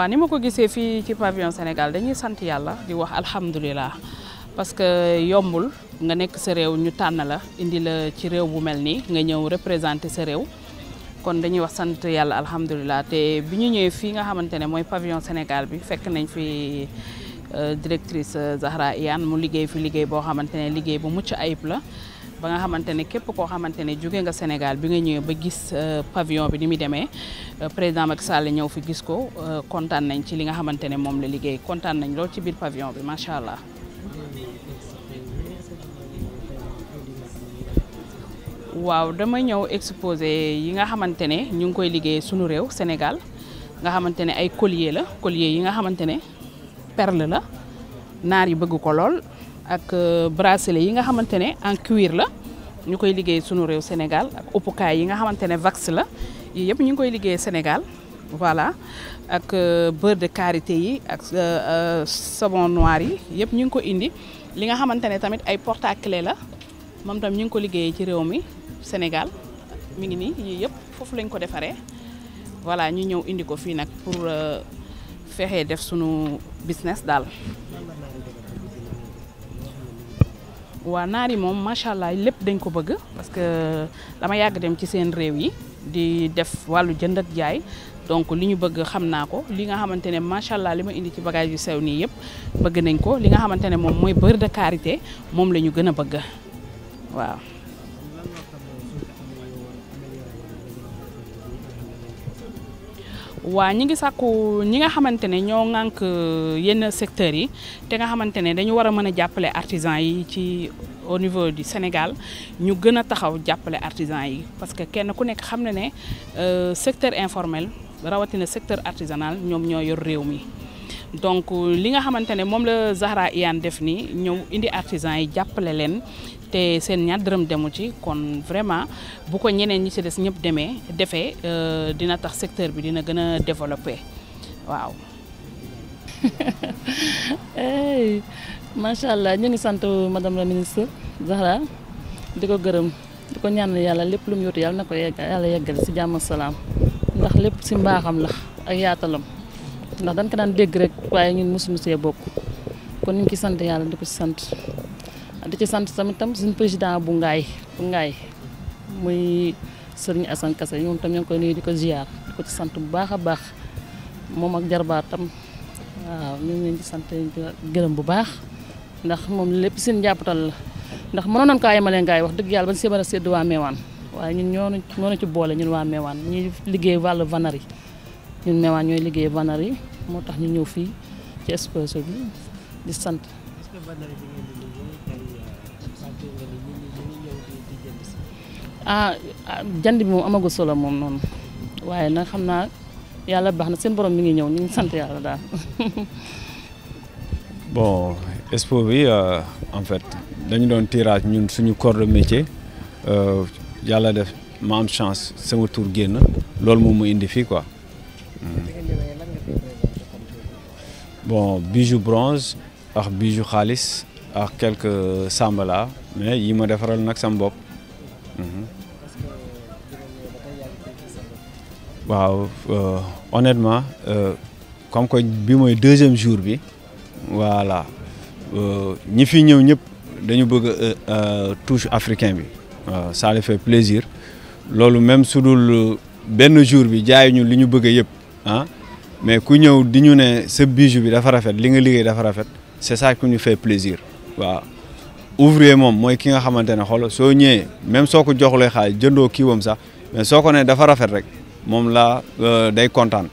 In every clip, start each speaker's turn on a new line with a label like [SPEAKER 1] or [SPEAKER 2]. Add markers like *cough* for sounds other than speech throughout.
[SPEAKER 1] waa ni ma ko gisee fii ci pavillon Sénégal dañuy sant yàlla di wax alhamdulilah parce que yombul nga nekk sa réew ñu tànn la indi la ci réew bu mel nii nga ñëw représenter sa réew kon dañuy wax sant yàlla alhamdulilah te bi ñu ñëwee fii nga xamante ne mooy pavillon Sénégal bi fekk nañ fi euh, directrice euh, Zahra Iyane mu liggéey fi liggéey boo xamante ne liggéey bu mucc ayib la ba nga xamante ne képp koo xamante ne jóge nga Sénégal bi nga ñëwee ba gis euh, pavillon bi ni muy demee euh, président Macky Sall ñëw fi gis ko euh, kontaan nañ ci li nga xamante ne moom la liggéey kontaan nañ lool ci biir pavillon bi macha allah. waaw dama ñëw exposé yi nga xamante ne ñu ngi koy liggéey sunu réew Sénégal nga xamante ne ay collier la collier yi nga xamante ne perle la naar yi bëgg ko lool. ak euh, bracelet yi nga xamante ne en cuir la ñu koy liggéey sunu réew Sénégal ak uppukaay yi nga xamante ne vax la yii yëpp ñu ngi koy liggéey Sénégal voilà ak euh, beurre de karité yi ak euh, savon noir yi yëpp ñu ngi ko indi li nga xamante ne tamit ay porte-clés la moom tam ñu ngi ko liggéeyee ci réew mi Sénégal mi ngi nii yii yëpp foofu lañ ko defaree voilà ñu ñëw indi ko fii nag pour fexe def sunu business daal. waa naar yi moom macha allah lépp dañ ko bëgg parce que dama yàgg dem ci seen réew yi di def wàllu jënd ak jaay donc li ñu bëgg xam naa ko li nga xamante ne macha allah li ma indi ci bagage yu sew nii yëpp bëgg nañ ko li nga xamante ne moom mooy beurre de karité moom la ñu gën a bëgg waaw. waa ñi ngi sàkku ñi nga xamante ne ñoo ŋànk euh, yenn secteurs yi te nga xamante ne dañu war a mën a jàppale artisan yi ci au niveau du Sénégal ñu gën a taxaw jàppale artisan yi parce que kenn ku nekk xam na ne euh, secteur informel rawatina secteur artisanal ñoom ñoo yor réew mi donc li nga xamante ne moom la Zahra Iyane def nii ñëw indi artisan yi jàppale leen te seen ñaar dërëm demu ci kon vraiment bu ko ñeneen ñi ci des ñëpp demee defee euh, dina tax secteur bi dina gën a développé waaw.
[SPEAKER 2] *laughs* macha allah ñu ngi sant madame la ministre Zahra di ko gërëm di ko ñaanal yàlla lépp lu mu yóotu yàlla na ko yàlla yeggal si jàmm salaam ndax lépp si mbaaxam la ak yaatalam. ndax dañ ko daan dégg rek waaye ñun mosuñu see bokk kon ñu ngi sant yàlla di ko ci sant di ci sant tamit tam suñu président bu ngaay bu ngaay muy sëriñ Assane Kassé moom tam ñoo koy nuyu di ko ziar di ko ci sant bu baax a baax moom ak jarbaatam waaw ñu ngi leen di sant gërëm bu baax ndax moom lépp seen jàppatal la ndax mënoon nañu kaa yemalee ngaay wax dëgg yàlla ba ñu see mën a sédd waa Meewaan waaye ñun ñoo ñoo ci boole ñun waa Meewaan ñuy liggéey wàllu vanari ñun Meewaan ñooy liggéey vanari moo tax ñu ñëw fii ci exposé bi di sant. ah jënd bi moom amagu solo moom noonu waaye nag xam naa yàlla baax na seen borom mi ngi ñëw ñu sant yàlla daal.
[SPEAKER 3] *laughs* bon expo bi euh, en fait dañu doon tirage ñun suñu corps de métier euh, yàlla def ma am chance sama tour génn loolu moom mu indi fii quoi. Hmm. bon bijou bronze ak bijou xaalis ak quelque sambala mais yi ma defaral nag sama bopp. Mhm. waaw euh, honnêtement euh, comme que bi mooy deuxième jour bi voilà euh, ñi fi ñëw ñëpp dañu bëgg touche africain bi waaw ça les fait plaisir loolu même su dul benn jour bi jaayuñu ñu li ñu bëgg yëpp mais ku ñëw di ñu ne sa bijou bi dafa rafet li nga liggéey dafa rafet c'est ça qui nous fait plaisir waaw ouvrier moom mooy ki nga xamante ne xool soo ñëwee même soo ko joxulee xaalis jëndoo kiiwam sax mais soo ko ne dafa rafet rek moom la euh, day kontaan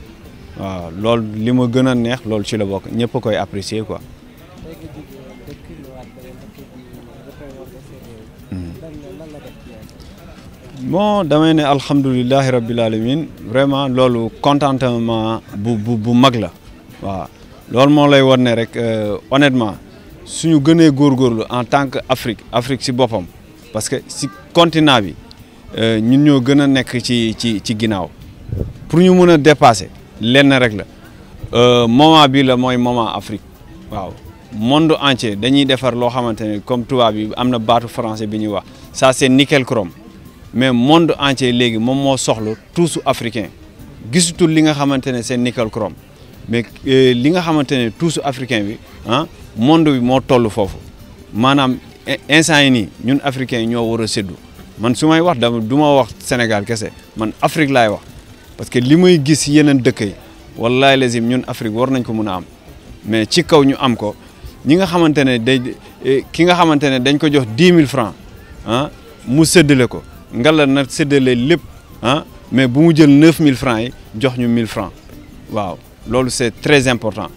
[SPEAKER 3] waaw loolu li ma gën a neex loolu ci la bokk ñëpp koy apprécier ko Mm. bon damay ne alhamdulilahi rabbil alamin vraiment loolu contentement bu mag la waaw loolu moo lay wan ne rek euh, honnêtement suñu gënee góor góorlu en tant que Afrique Afrique si boppam parce que si continent bi euh, ñun ñoo gën a nekk ci ci ci ginnaaw pour ñu mën a dépasser lenn rek la euh, moment bi la mooy moment Afrique waaw monde entier dañuy defar loo xamante ne comme tubaab am na baatu français bi ñuy wax saa c'est nickel chrome mais monde entier léegi moom moo soxla tuusu africain gisutul li nga xamante ne c'est nickel chrome mais euh, li nga xamante ne tuusu africain bi ah monde bi moo toll foofu maanaam instant yi nii ñun africain ñoo war a séddu man su may wax dama du ma wax Sénégal kese man Afrique laay wax parce que li may gis yeneen dëkk yi wallahi lazim ñun Afrique war nañ ko mun a am mais ci kaw ñu am ko ñi nga xamante ne day eh, ki nga xamante ne dañ ko jox dix mille francs ah mu séddale ko ngalla na séddale lépp ah mais bu mu jël neuf mille francs yi jox ñu mille francs waaw loolu c'est très important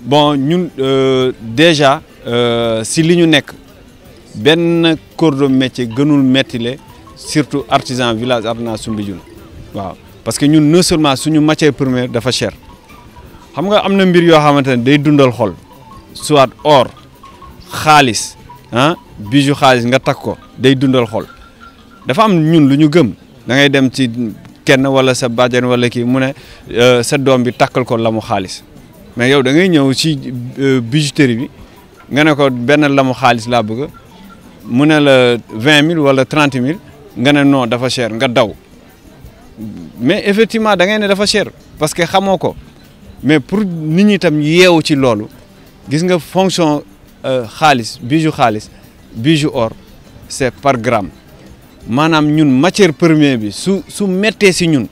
[SPEAKER 3] bon ñun euh, déjà euh, si li ñu nekk benn corps de gënul gënul mettile surtout artisan village artisanat Soumbédioune waaw parce que ñun non seulement suñu matière première dafa cher xam nga am na mbir yoo xamante ne day dundal xol soit or xaalis ah bijou xaalis nga takk ko day dundal xol dafa am ñun lu ñu gëm da ngay dem ci kenn wala sa bàjjen wala kii mu ne euh, sa doom bi takkal ko lamu xaalis mais yow da ngay ñëw ci euh, bijouterie bi nga ne ko benn lamu xaalis laa bëgg mu ne la vingt mille wala trent mille nga ne non dafa cher nga daw mais effectivement da ngay ne dafa cher parce que xamoo ko. mais pour nit ñi tam yeewu ci loolu gis nga fonction euh, xaalis bijou xaalis ju or c'est par gramme maanaam ñun matière première bi su su méttee si ñun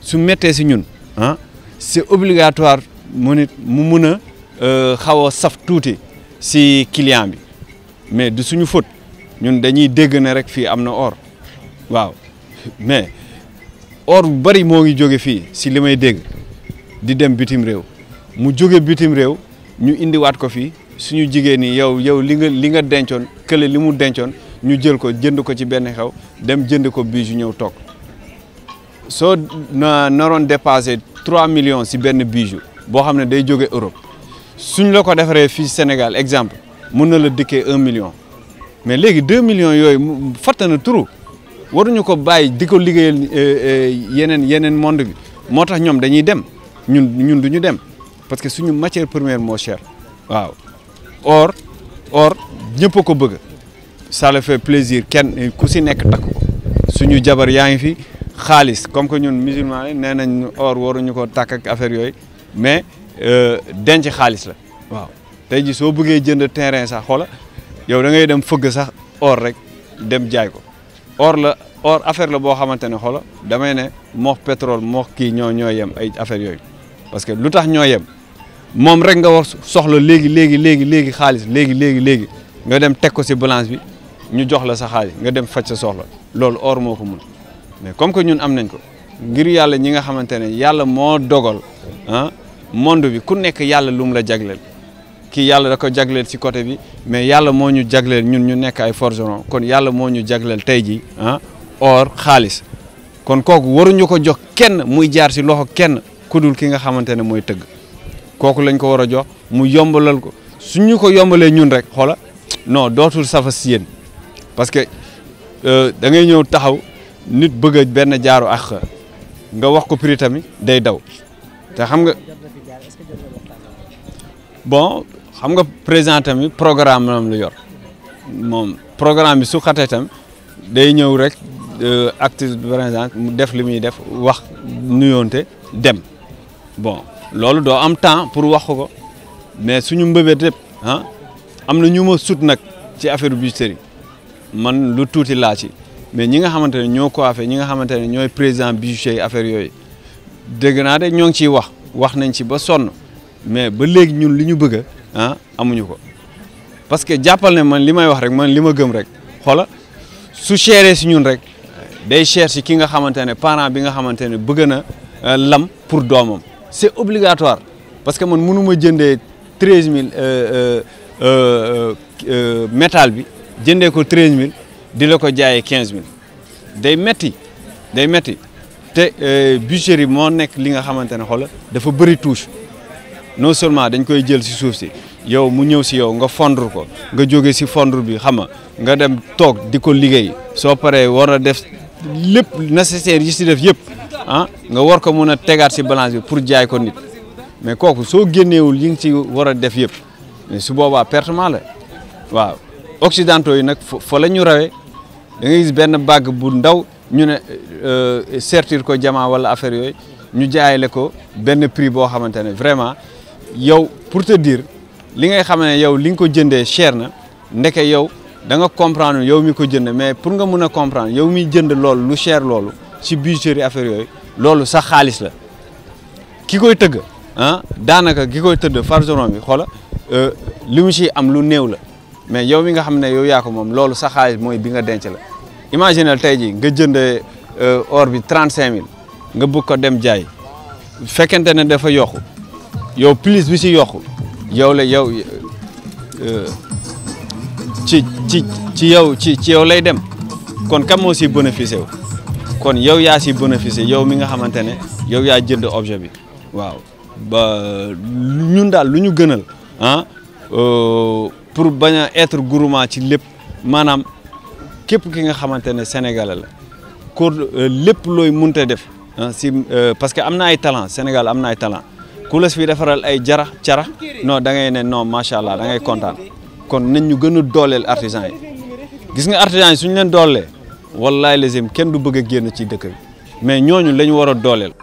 [SPEAKER 3] su méttee si ñun ah si obligatoire mu mu mun a euh, xaw a saf tuuti si client bi mais du suñu faute ñun dañuy dégg ne rek fii am na or waaw mais or bu bari moo ngi jóge fii si li may dégg di dem bitim réew mu jóge bitim réew ñu indiwaat ko fii suñu jigéen ñi yow yow li nga li nga dencoon kële li mu dencoon ñu jël ko jënd ko ci benn xew dem jënd ko bijoux ñëw toog soo na naroon dépassé 3 millions si benn bijoux boo xam ne day joge Europe suñ la ko defaree fii Sénégal exemple mun na la dikkee 1 million mais léegi 2 millions yooyu fatt na turu waruñu ko bàyyi di ko liggéeyal euh, euh, yeneen yeneen monde bi moo tax ñoom dañuy dem. ñun ñun du ñu dem parce que suñu matière première moo cher waaw or or ñëpp ko bëgg ça le fait plaisir kenn ku si nekk takk ko suñu jabar yaa ngi fi xaalis comme que ñun musulman yi nee nañ or waruñu ko takk ak affaire yooyu mais euh, denc xaalis la waaw tey ji soo bëggee jënd terrain sax xoola yow da ngay dem fëgg sax or rek dem jaay ko or la or affaire la boo xamante ne xoola damay ne moox pétrole moox kii ñoo ñoo yem ay affaire yooyu parce que lu tax ñoo yem moom rek nga war soxla léegi léegi léegi léegi xaalis léegi léegi léegi nga dem teg ko si balance bi ñu jox la sa xaalis nga dem faj sa soxla loolu or moo ko mun mais comme que ñun am nañ ko ngir yàlla ñi nga xamante ne yàlla moo dogal ah, monde bi ku nekk yàlla lu la jagleel kii yàlla da ko jagleel si côté bi mais yàlla moo ñu jagleel ñun ñu nekk ay forgeron kon yàlla moo ñu jagleel tey ji ah or xaalis kon kooku waruñu ko jox kenn muy jaar si loxo kenn kudul ki nga xamante ne mooy tëgg kooku lañ ko war a jox mu yombalal ko ñu ko yombalee ñun rek xoola non dootul safa si yéen parce que euh, da ngay ñëw taxaw nit bëgg benn jaaru ak nga wax ko prix tamit day daw te xam nga bon xam nga président tamit programme am lu yor moom programme bi su xatee tam day ñëw rek euh, acte président mu def li muy def wax nuyoonte dem bon loolu doo am temps pour wax ko mais suñu mbëbët yëpp ah am na ñu ma sut nag ci affaire budgétaire man lu tuuti laa ci mais ñi nga xamante ne ñoo coiffé ñi nga xamante ne ñooy président budgétaire affaire yooyu dégg naa de ñoo ngi ciy wax wax nañ si ba sonn mais ba léegi ñun li ñu bëgg ah amuñu ko parce que jàppal ne man li may wax rek man li ma gëm rek xoola su chéré si ñun rek day cher si ki nga xamante ne parent bi nga xamante ne bëgg na euh, lam pour doomam c' est obligatoire parce que man mënu ma jëndee treize mille euh, euh, euh, métal bi jëndee ko treize mille di la ko jaayee quinze mille day metti day metti te boucherie moo nekk li nga xamante ne xoola dafa bëri touche non seulement dañ koy jël si suuf si yow mu ñëw si yow nga fondre ko nga jóge si fondre bi xam nga dem toog di ko liggéey soo paree war a def lépp nécessaire yi si def yëpp Ah, nga war ko mun a tegaat si balance bi pour jaay ko nit mais kooku soo génneewul yi nga ci war a def yëpp mais su boobaa pertement la waaw occidentaux yi nag fa la ñu rawee da nga benn bàgg bu ndaw ñu ne euh, sertir ko jamaa wala affaire yooyu ñu jaayale ko benn prix boo xamante ne vraiment yow pour te dire li ngay xam ne yow li nga ko jëndee cher na ndeke yow danga nga comprendre mi ko jënd mais pour nga mun a comprendre yow miy jënd loolu lu cher loolu ci bijouterie affaire yooyu loolu sax xaalis la ki koy tëgg ah daanaka ki koy tëdd fargeron bi xoola euh, li mu ciy am lu néew la mais yow mi nga xam ne yow yaa ko moom loolu sa xaalis mooy bi nga denc la imaginel tey ji nga jëndee euh, or bi trente cinq mille nga bëgg ko dem jaay fekkente ne dafa yokku yow plus bi si yokku yow la yow euh, ci ci ci yow ci ci yow lay dem kon kam moo si bénéficié wu kon yow yaa si bénéficier yow mi nga xamante ne yow yaa jënd objet bi waaw ba ñun daal lu ñu gënal ah euh, pour bañ a être gourmand ci lépp maanaam képp ki nga xamante ne sénégalais la ko euh, lépp looy mun munte def ah, si euh, parce que am na ay talent Sénégal am na ay talent ku les fi defaral ay jara cara non da ngay ne non macha allah da ngay kontaan kon nañ ñu gën dooleel artisans yi gis nga artisans yi suñu leen doolee wallaay lazim kenn du bëgg a génn ci dëkk bi mais ñooñu la ñu war a dooleel.